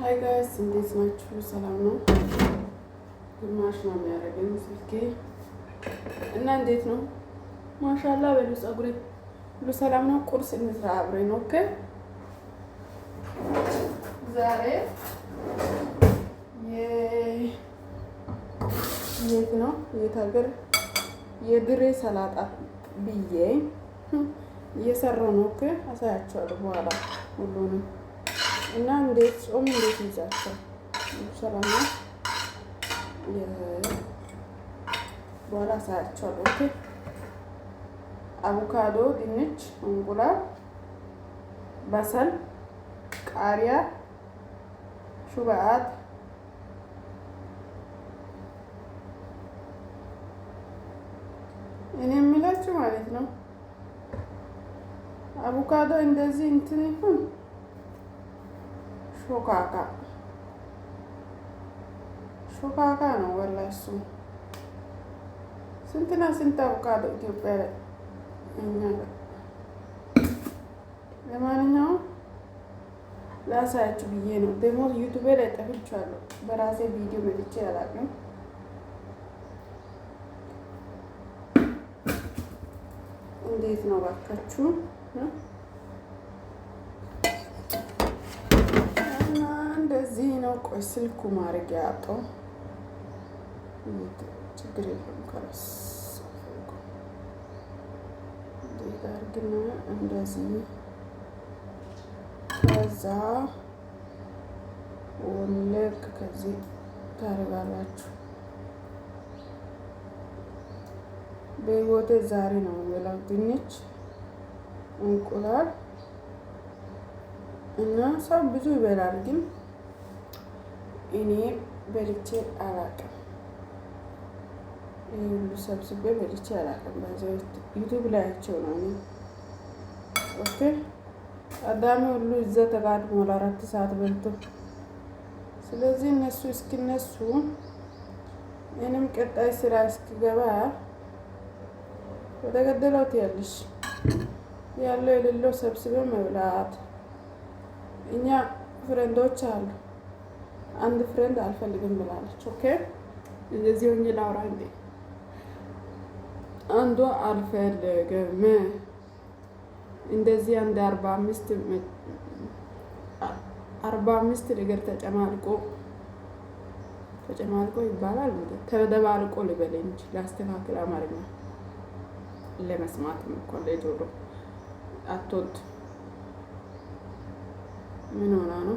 ሀይ ጋይስ እንዴት ናችሁ? ሰላም ነው። ግማሽ ነው የሚያደርገኝ ስልኬ እና እንዴት ነው? ማሻላ በሉ። ፀጉሬ ሁሉ ሰላም ነው። ቁርስ እንስራ አብረን። ኦኬ ዛሬ የት ነው የት ሀገር የድሬ ሰላጣ ብዬ እየሰራሁ ነው። ኦኬ አሳያችኋለሁ በኋላ ሁሉንም እና እንዴት ጾም እንዴት ይዛቸው ሰላም በኋላ ሳያቸዋለሁ። ኦኬ አቮካዶ፣ ድንች፣ እንቁላል፣ በሰል፣ ቃሪያ፣ ሹበአት እኔ የምላችሁ ማለት ነው። አቮካዶ እንደዚህ እንትን ይሁን ሾካካ ሾካካ ነው ወላሂ። እሱ ስንትና ስንት አቮካዶ ኢትዮጵያ እኛ ለማንኛው ላሳያችሁ ብዬ ነው። ደግሞ ዩቱቤ ላይ ጠፍቻለሁ። በራሴ ቪዲዮ መጥቼ አላውቅም። እንዴት ነው ባካችሁ? ለዚህ ነው። ቆይ ስልኩ ማድረግ ያጣው ችግር የለም። ከራስ ጋር ግን እንደዚህ ከዛ ወለቅ ከዚህ ታደርጋላችሁ። በህይወቴ ዛሬ ነው የምበላው ድንች፣ እንቁላል እና ሰው ብዙ ይበላል ግን እኔ በልቼ አላቅም። ይህ ሁሉ ሰብስቤ በልቼ አላቅም። በዚያ ዩቱብ ላያቸው ነው እኔ ኦኬ። አዳሚ ሁሉ እዛ ተጋድሞ ለአራት ሰዓት በልቶ ስለዚህ እነሱ እስኪነሱ እኔም ቀጣይ ስራ እስክገባ ወደ ገደለውት ያለሽ ያለው የሌለው ሰብስበ መብላት እኛ ፍሬንዶች አሉ አንድ ፍሬንድ አልፈልግም ብላለች። ኦኬ እንደዚህ ሆኜ ላውራ እንዴ? አንዷ አልፈልግም እንደዚህ አንድ አርባ አምስት አርባ አምስት ነገር ተጨማልቆ ተጨማልቆ ይባላል እንደ ተደባልቆ ልበል እንጂ ላስተካክል። አማርኛ ለመስማት እኮ ለጆሮ አቶት ምን ሆና ነው?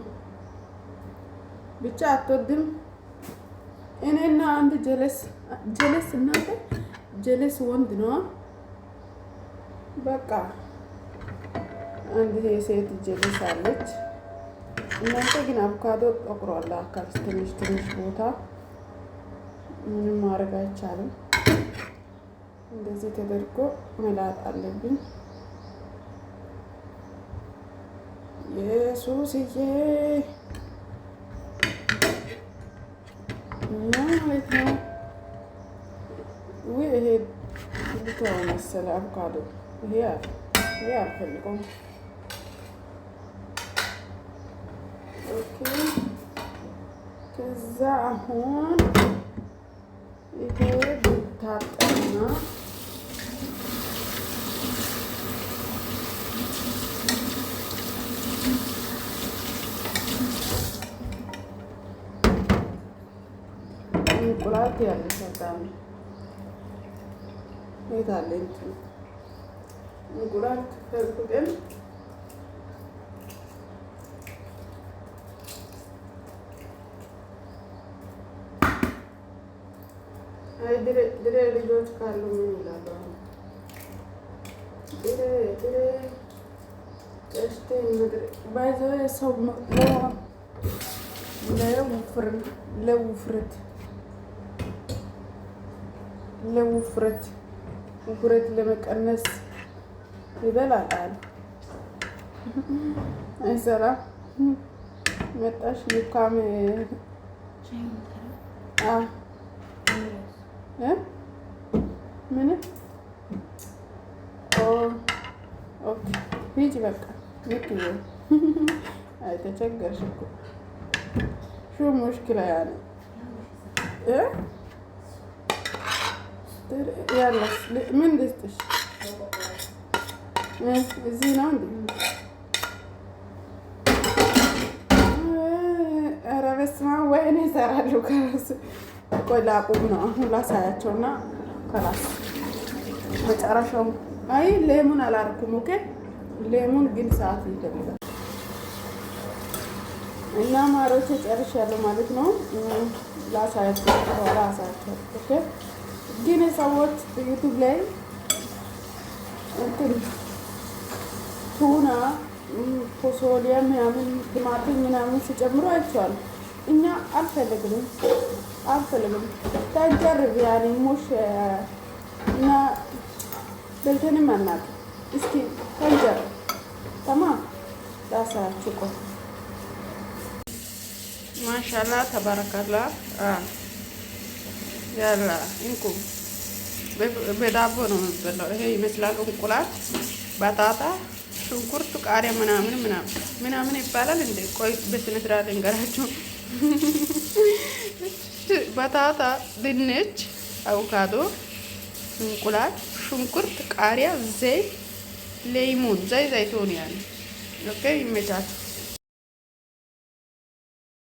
ብቻ አትወድም። እኔና አንድ ጀለስ ጀለስ እናንተ ጀለስ ወንድ ነው። በቃ አንድ ሴት ጀለስ አለች። እናንተ ግን አቮካዶ ጠቁሯል። አካል ትንሽ ትንሽ ቦታ ምንም ማድረግ አይቻልም። እንደዚህ ተደርጎ መላጥ አለብኝ። ኢየሱስዬ ነው ማለት ነው። ውይ ይሄ ልትሆን መሰለ አቮካዶ ይሄ ይሄ አልፈልገውም። ኦኬ ከዛ አሁን ይሄ ብታጠና Ati ani sotami. Eta lentu. Ungurat, pentru gen. Ai dire, dire, dire, dire, dire, dire, dire, dire, dire, dire, dire, este în Mai zău e sau mă... Le-am ufrat. le ለውፍረት ውፍረት ለመቀነስ ይበላል። አይሰራ መጣሽ ልካም ምን ሂጅ በቃ ልክ አይተቸገርሽ እኮ ሹ ሙሽኪላ ያለ ያለስ ምን ልስጥሽ? እዚህ ነው እንዴ? ኧረ በስመ አብ! ወይ እኔ እሰራለሁ ከራሱ። ቆይ ላቁም ነው አሁን ላሳያቸውና ከራሱ መጨረሻው። አይ ሌሙን አላርኩም። ኦኬ ሌሙን ግን ሰዓት ይፈልጋል። እና ማሮቼ ጨርሻለሁ ማለት ነው። ላሳያቸው ላሳያቸው ኦኬ ግን ሰዎች ዩቱብ ላይ እንትን ቱና ፎሶሊያ ምናምን ቲማቲም ምናምን ሲጨምሩ አይቸዋል። እኛ አልፈልግም አልፈልግም። ተጀርብ ያኔ ሞሽ እና በልተንም አናውቅ። እስኪ ተጀርብ ተማም ላሳያችሁ። ቆይ ማሻላ ተባረካላ ያላ እንቁ በዳቦ ነው የምበላው። ይሄ ይመስላል እንቁላል፣ ባታታ፣ ሽንኩርት ቃሪያ ምናምን ምናምን ምናምን ይባላል። ቆይ በስነ ስርዓት ድንች፣ አቮካዶ፣ እንቁላል፣ ሽንኩርት፣ ቃሪያ፣ ዘይት፣ ሌይሙን ዘይ ዘይቶን ያለ ኦኬ ይመቻችሁ።